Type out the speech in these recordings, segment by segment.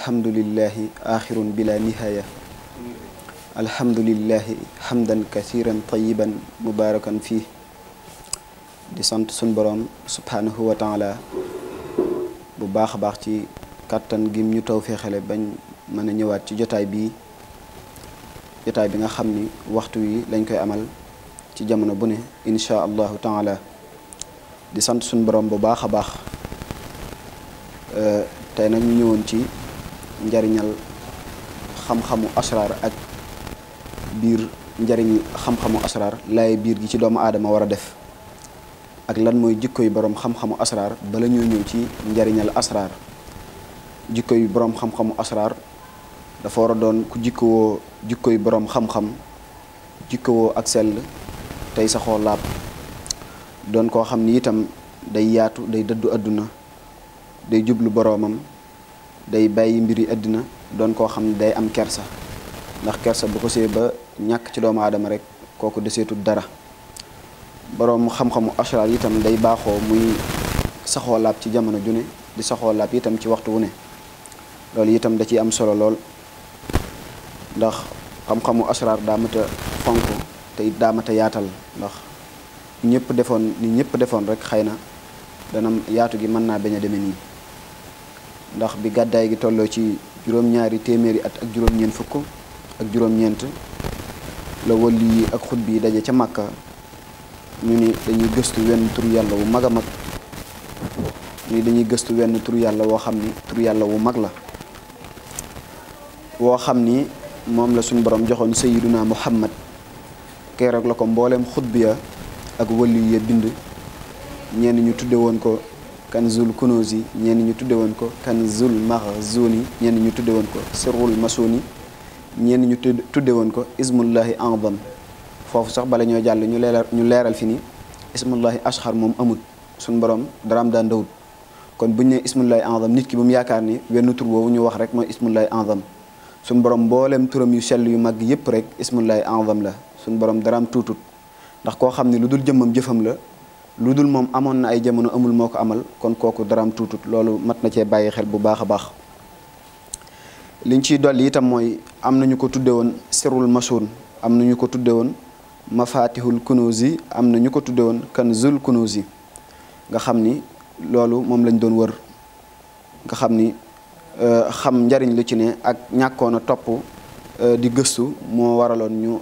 alhamdulillahi axirun bila nihaaya alhamdulillahi hamdan kasiran tayiban mubarakan fii di sant suñ boroom subhaanahu wa taala bu baax a baax ci kàttan gim ñu taw feexale bañ mën a ñëwaat ci jotaay bii jotaay bi nga xam ni waxtu yi lañ koy amal ci jamono bu ne inchaa allahu taala di sant suñ boroom bu baax a baax tey nag ñu ñëwoon ci njariñal xam-xamu asraar ak biir njariñ xam-xamu asraar laaye biir gi ci doomu aadama war a def ak lan mooy jikko yu boroom xam-xamu asraar bala ñoo ci njariñal asraar jikko yu boroom xam-xamu dafa war a doon ku jikkowoo jikko yu boroom xam-xam jikkowoo ak sell tey saxoo laab doon koo xam ni itam day yaatu day dëddu àdduna day jublu boroomam day bàyyi mbiri àddina doon koo xam ne day am kersa ndax kersa bu ko ba ñàkk ci doomu aadama rek kooku deseetul dara boroom xam-xamu ashraar itam day baaxoo muy saxoo laab ci jamono june di saxoo laab itam ci waxtu wu ne loolu itam da ciy am solo lool ndax xam-xamu ashraar daa mat a fonk te it daa yaatal ndax ñëpp defoon ni ñëpp defoon rek xëy na danam yaatu gi mën naa bañ a demee nii ndax bi gàddaay gi tolloo ci juróom-ñaari téeméeri at ak juróom-ñeent fukk ak juróom-ñeent la wàlli yi ak xut bi daje ca màkka ñu ni dañuy gëstu wenn tur yàlla wu mag a mag ni dañuy gëstu wenn tur yàlla woo xam ni tur yàlla wu mag la woo xam ni moom la suñu borom joxoon sayiduna muhammad keroog la ko mbooleem xutbiya ak wàlli ya bind ñenn ñu tudde woon ko kanzul kunuuz yi ñenn ñu tudde woon ko kanzul maxzuun yi ñenn ñu tudde woon ko sirrul masuun yi ñenn ñu tudde woon ko ismullahi a'zam foofu sax bala ñoo jàll ñu leeral ñu leeral fi ni ismullahi ashxar moom amut suñ borom daraam daan dawut kon bu ñu ne ismullahi a'zam nit ki bu mu yaakaar ni wenn tur woowu ñu wax rek mooy ismullahi a'zam suñ borom mbooleem turam yu sell yu mag yépp rek ismullahi a'zam la suñ borom daraam tuutut ndax koo xam ne lu dul jëmmam jëfam la lu dul moom amoon na ay jamono amul moo ko amal kon kooku daraam tuutut loolu mat na cee bàyyi xel bu baax a baax liñ ciy dolli itam mooy am nañu ko tudde woon sirul masuun am nañu ko tudde woon mafatihul kunuzi am na ñu ko tudde woon kanzul kunuzi nga xam ni loolu moom lañ doon wër nga xam ni euh, xam njariñ lu ci ne ak ñàkkoon a topp euh, di gëstu moo waraloon ñu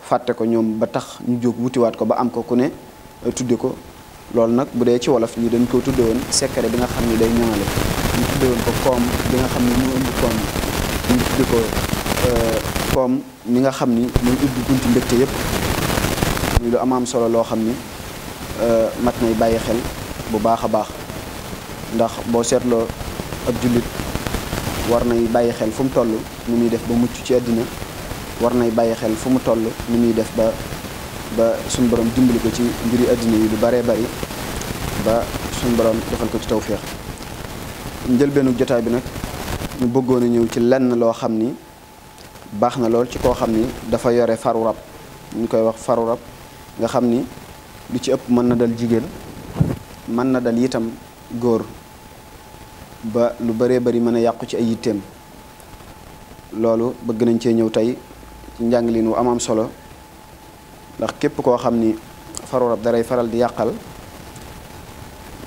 fàtte ko ñoom ba tax ñu jóg wutiwaat ko ba am ko ku ne tudde ko loolu nag bu dee ci wolof ñu dañ ko tudde woon bi nga xam ni day ñoŋale ñu tudde ko koom bi nga xam ni mu indi koom ñu tudde ko euh, koom mi nga xam ni mu ubbi bunti mbégte yëpp muy lu am am solo loo xam ni euh, mat nay bàyyi xel bu baax a baax ndax boo seetloo ab jullit war nay bàyyi xel fu mu toll ni muy def ba mucc ci àddina war nay bàyyi xel fu mu toll ni muy def ba ba suñu borom dimbali ko ci mbiri àddina yi lu baree bari ba suñu borom defal ko ci tawféex njëlbeenu jotaay bi nag ñu bëggoon a ñëw ci lenn loo xam ni baax na lool ci koo xam ni dafa yore faru rab ñu koy wax faru rab nga xam ni lu ci ëpp mën na dal jigéen mën na dal itam góor ba lu baree bari mën a yàqu ci ay yitteem loolu bëgg nañ cee ñëw tey ci njànglin wu am am solo ndax képp koo xam ni faru rab daray faral di yàqal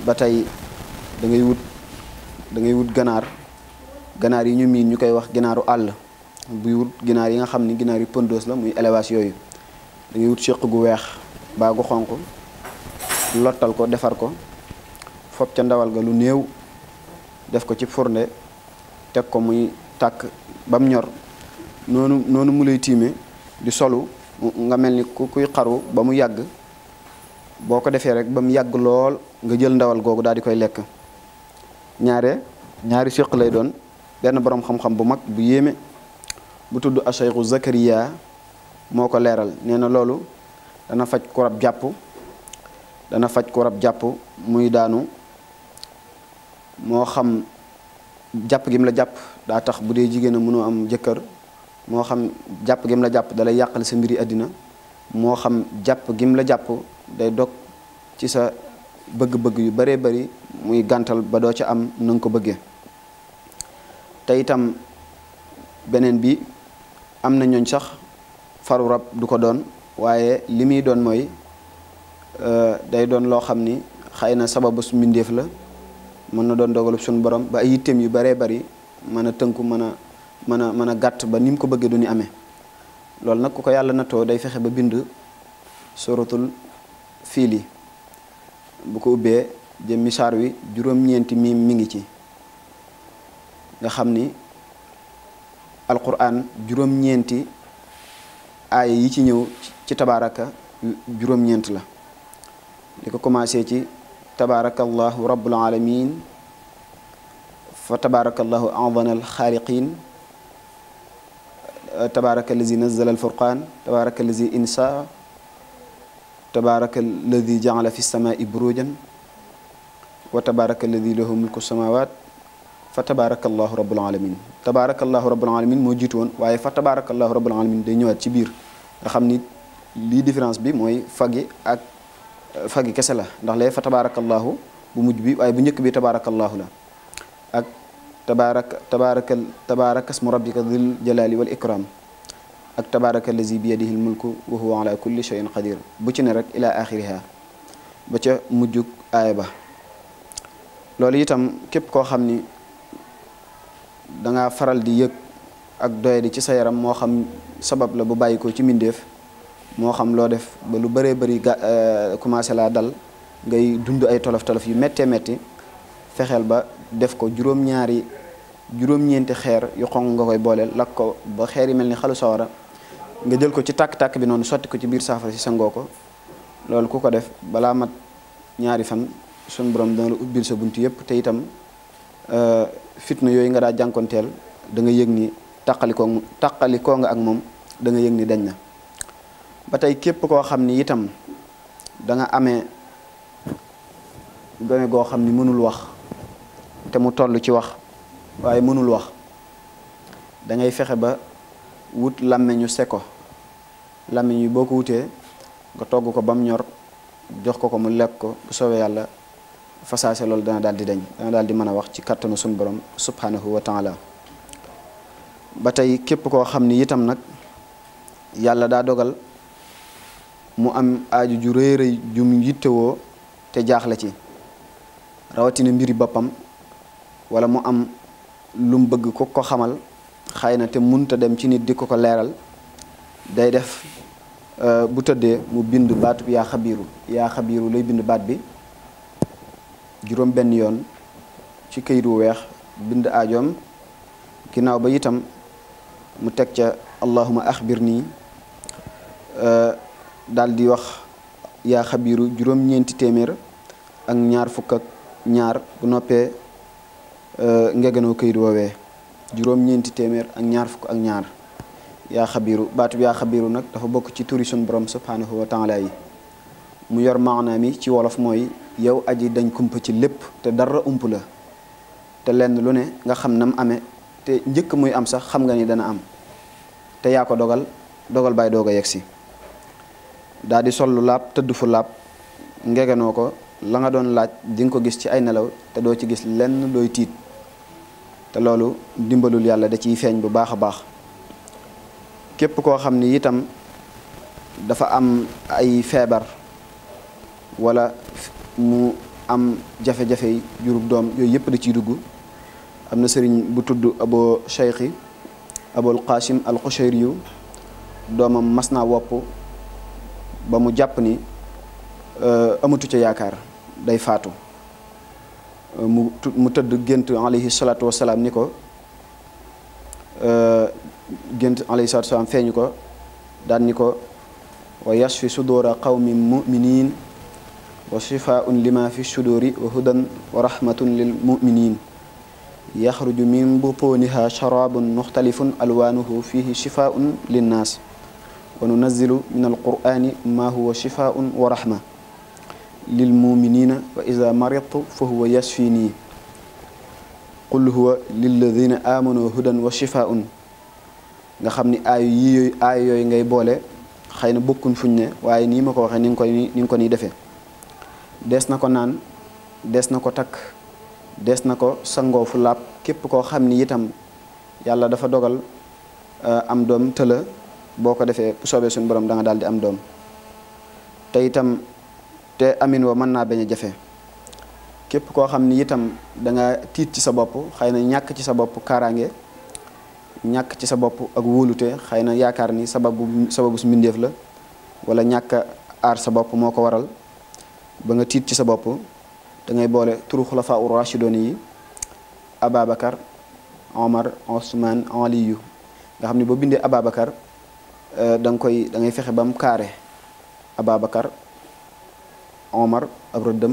ba tey dangay wut da wut ganaar ganaar yi ñu miin ñu koy wax ginaaru àll buy wut ginaar yi nga xam ni ginaar yu pëndoos la muy élevage yooyu da wut séq gu weex baa gu xonq lottal ko defar ko fob ca ndawal ga lu néew def ko ci fourne teg ko muy tàkk bam ñor noonu noonu mu lay tiime di solu nga mel ni ku kuy xaru ba mu yàgg boo ko defee rek ba mu yàgg lool nga jël ndawal googu daal di koy lekk ñaare ñaari fiq lay doon benn boroom xam-xam bu mag bu yéeme bu tudd acheikhu Zakaria moo ko leeral nee na loolu dana faj ku jàpp dana faj ku rab jàpp muy daanu moo xam jàpp gi la jàpp daa tax bu dee jigéen a mënoo am jëkkër moo xam jàpp gim la jàpp dalay yàqal sa mbiri àddina moo xam jàpp gim la jàpp day dog ci sa bëgg-bëgg yu baree bari muy gantal ba doo ca am na ko bëggee te itam beneen bi am na ñooñ sax faru rab du ko doon waaye li muy doon mooy euh, day doon loo xam ni xëy na sababu su mbindeef la mën na doon dogalub suñu borom ba ay yitteem yu baree bari mën a tënku mën a mën a mën a gàtt ba ni mu ko bëggee du ni amee loolu nag ku ko yàlla na too day fexe ba bind suratul fiil yi bu ko ubbee jëmmi saar wi juróom-ñeenti miim mi ngi ci nga xam ni alquran juróom-ñeenti aaya yi ci ñëw ci tabaaraka juróom-ñeent la li ko commencé ci tabaarakallahu rabbul alamin fa tabaarakallahu adana alxaaliqin tabaraka allazi nazala alfurqan tabaraka allazi insaa tabaraka allazi jaala fi samaai burujan wa tabaraka allazi lahu mulku samawat fa tabaraka allahu rabbul alamin tabaraka allahu rabbul alamin moo jiitu woon waaye fa tabaraka allahu rabbul alamin day ñëwaat ci biir nga xam ni lii différence bi mooy fagi ak kese la ndax lee fa tabaraka allahu bu mujj bi waaye bu njëkk bi tabaraka allahu la tabaaraka tabaarakal tabaarakasmu rabbika dil jalaali wal ikram ak tabaarakallazi bi yadihi lmulku wa huwa ala kulli shay'in qadir bu ci ne rek ila axiriha ba ca mujjug aaya ba loolu itam képp koo xam ni danga faral di yëg ak doyadi ci sa yaram moo xam sabab la bu bàyyi ci mbindeef moo xam loo def ba lu bëree bari ga euh, commencé la dal ngay dund ay tolof tolof yu méttee metti fexeel ba def ko juróom-ñaari juróom-ñeenti xeer yu xonq nga koy booleel lakk ko ba xeer yi mel ni xalu sawara nga jël ko ci tàkk-tàkk bi noonu sotti ko ci biir saafara si sangoo ko loolu ku ko def balaa mat ñaari fan sun borom dana la sa bunt yëpp te itam euh, fitna yooyu nga daa jànkonteel da yëg ni taqalikoo taqalikoo nga ak moom danga yëg ni dañ na ba tey képp koo xam ni itam danga ame gone goo xam ni mënul wax te mu toll ci wax waaye mënul wax da fexe ba wut làmmiñu seko làmmiñ yi boo ko wutee nga togg ko ba mu ñor jox ko ko mu lekk ko bu soobee yàlla fasaase loolu dana daal di dañ dana daal di mën a wax ci kàttanu suñu borom subhanahu wa la ba tey képp koo xam ni itam nag yàlla daa dogal mu am aaju ju rëy rëy ju mu yittewoo te jaaxle ci rawatina mbiri boppam wala mu am lu mu bëgg ko ko xamal xëy na te munta dem ci nit di ko ko leeral day def euh, bu tëddee mu bind baat bi lay bind baat bi juróom benn yoon ci këyit wu weex bind aajoom ginnaaw ba itam mu teg ca allahuma axbir nii euh, daal di wax yaa xabiiru juróom ñeenti téeméer ak ñaar fukk ñaar bu noppee Euh, ngegenoo këyit woowee juróom-ñeenti téeméer ak ñaar fukk ak ñaar yaa xabiiru baatu bi yaa xabiiru nag dafa bokk ci turi borom subhaanahu wa taala mu yor maanaam yi ci wolof mooy yow aji dañ kumpa ci lépp te dara ump la te lenn lu ne nga xam nam amee te njëkk muy am sax xam nga ni dana am te yaa ko dogal dogal bàyyi doog a yegg si daa di sollu laab tëdd fu laab ngegenoo ko la nga doon laaj di ko gis ci ay nelaw te doo ci gis lenn looy tiit loolu dimbalul yàlla da ciy feeñ bu baax a baax képp koo xam ni itam dafa am ay feebar wala mu am jafe-jafe jurub doom yooyu yëpp da ciy dugg am na sëriñ bu tudd abo cheikhi abul qasim al qushayri doomam mas naa wopp ba mu jàpp ni euh, amatu ca yaakaar day faatu mu mu tëdd gént euh, feeñu ko daan ni ko wa yasfi suduura qawmin muminin wa shifaun lima fi suduri wa hudan wa rahmatun lil muminin yaxruju min butuuniha sharabun muxtalifun alwaanuhu fihi shifaun linnaas wa nunazilu min alqurani ma huwa shifaun wa rahma lil muminina wa ida maridtu fa huwa yasfini qul huwa lilladina amanu hudan wa shifaun nga xam ni aayu yi yooyu ngay boole xëy na bokkuñ fuñ ne waaye nii ma ko waxee ni nga koy ni nga ko nii defee des na ko naan des na ko takk des na ko sangoo fu laab képp koo xam ni itam yàlla dafa dogal euh, am doom tëla boo ko defee bu soobee suñu borom danga nga daal di am doom te te amin wa mën naa bañ a jafe képp koo xam ni itam danga tiit ci sa bopp xëy na ñàkk ci sa bopp kaaraange ñàkk ci sa bopp ak wóolute xëy na yaakaar ni sababu sababu su mbindeef la wala ñàkk aar sa bopp moo ko waral ba nga tiit ci sa bopp da ngay boole turu xulafa ur rashidon yi Ababacar Omar Ousmane Aliyu nga xam ne boo bindee Ababacar euh, da nga koy da ngay fexe ba mu kaare Ababacar Omar ab rëddam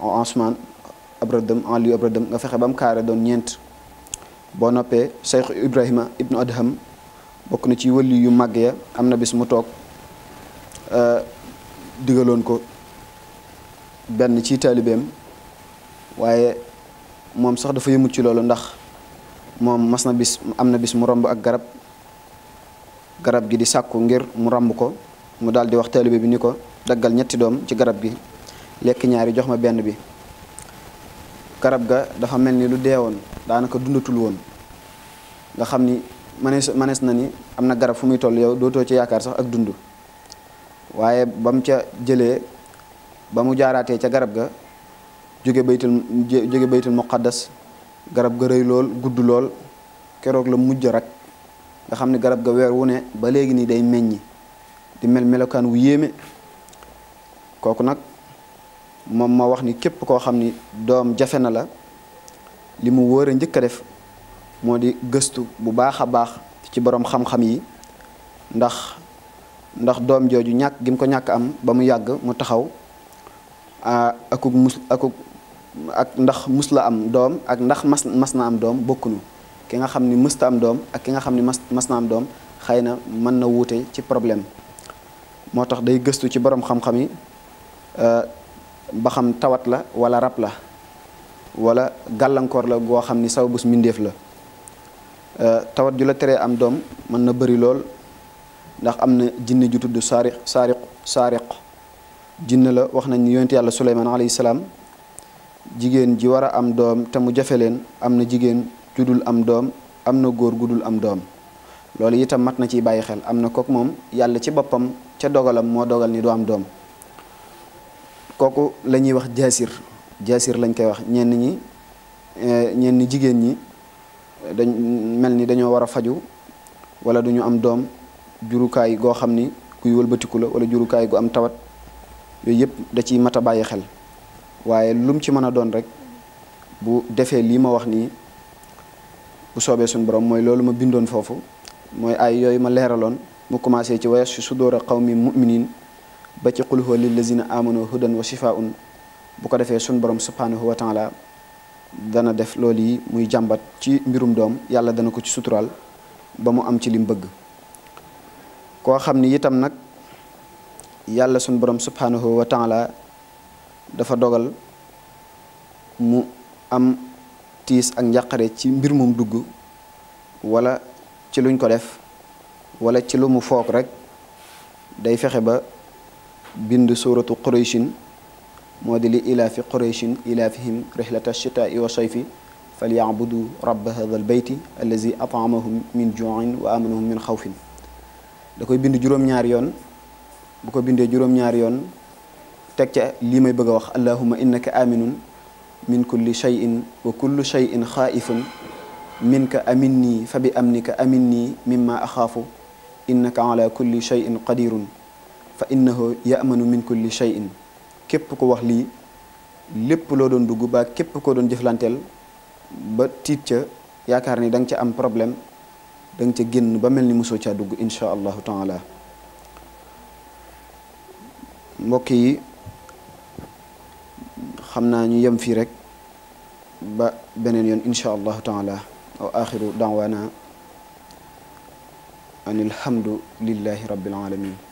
Ousmane ab rëddam Aliou ab rëddam nga fexe ba mu kaare doon ñeent boo noppee Cheikh Ibrahima ibnu Adham bokk na ci wëlli yu màgg ya am na bis mu toog euh, digaloon ko benn ci taalibeem waaye moom sax dafa yëmut ci loolu ndax moom mas na bis am na bis mu romb ak garab garab gi di sàkku ngir mu ràmb ko mu daal di wax taalibe bi ni ko daggal ñetti doom ci garab gi lekk ñaari jox ma benn bi garab ga dafa mel ni lu deewoon daanaka dundatul woon nga xam ni manees manees na ni am na garab fu muy toll yow dootoo ci yaakaar sax ak dund waaye ba ca jëlee ba mu jaaraatee ca garab ga jóge baytul jóge baytul muqaddas garab ga rëy lool gudd lool keroog la mujj rak nga xam ne garab ga weer wu ne ba léegi nii day meññi di mel melokaan wu yéeme kooku nag moom moo wax ni képp koo xam ni doom jafe na la li mu wóor a njëkk a def moo di gëstu bu baax a baax ci boroom xam-xam yi ndax ndax doom jooju ñàkk gi mu ko ñàkk am ba mu yàgg mu taxaw akuk mus akuk ak ndax mus la am doom ak ndax mas mas na am doom bokkunu ki nga xam ni mësta am doom ak ki nga xam ni mas mas na am doom xëy na mën na wuute ci problème moo tax day gëstu ci borom xam-xam yi euh, ba xam tawat la wala rab la wala gàllankoor la goo xam ni saw bus mbindeef la euh, tawat ju la teree am doom mën na bëri lool ndax am na jinne ju tudd saari saariku saariq jinne la wax nañ ni yonent yàlla suleymaan alayhi salaam jigéen ji war a am doom te mu jafe leen am na jigéen ju dul am doom am na góor gu dul am doom loolu itam mat na ciy bàyyi xel am na kook moom yàlla ci boppam ca dogalam moo dogal ni du am doom kooku la ñuy wax jaasir jaasir lañ koy wax ñenn ñi eh, ñenn jigéen ñi dañ mel ni dañoo war a faju walla du ñu am doom jurukaay goo xam ni kuy wëlbatiku la wala jurukaay gu am tawat yooyu yëpp da ciy mat a bàyyi xel waaye lum ci mën a doon rek bu defee lii ma wax nii bu soobee suñu borom mooy loolu ma bindoon foofu mooy ay yooyu ma leeraloon mu commencé ci wayas fi sudóora qawmi muminin ba ci qul huwa lillazina amanu hudan wa shifaun bu ko defee sun borom subhanahu wa taala dana def loolu yi muy jàmbat ci mbirum doom yàlla dana ko ci suturaal ba mu am ci lim bëgg koo xam ni itam nag yàlla sun borom subhanahu wa taala dafa dogal mu am tiis ak njàqare ci mbir mum dugg wala ci luñ ko def wala ci lu mu rek day fexe ba bind suuratu qurayshin moo di li ilaafi qurayshin ilaafihim rihlata shitaai wa sayfi falyabudu wa amanahum min xawfin da koy bind juróom-ñaari yoon bu ko bindee juróom yoon teg lii may bëgg a wax allahuma innaka min kulli cheyin wa kullu cheyin xaaifun minka aminni fa bi aminni mimma axaafu innaka ala kulli cheyin qadirun fa innahu yamanu min kulli cheyin képp ko wax lii lépp loo doon dugg ba képp koo doon jëflanteel ba tiit ca yaakaar ni dang nga ca am problème da ca génn ba mel ni musoo caa dugg insha allahu taala mbokk yi xam naa ñu yam fii rek ba beneen yoon insha allahu taala wa axiru daawaana an alhamdulillahi rabbil alamin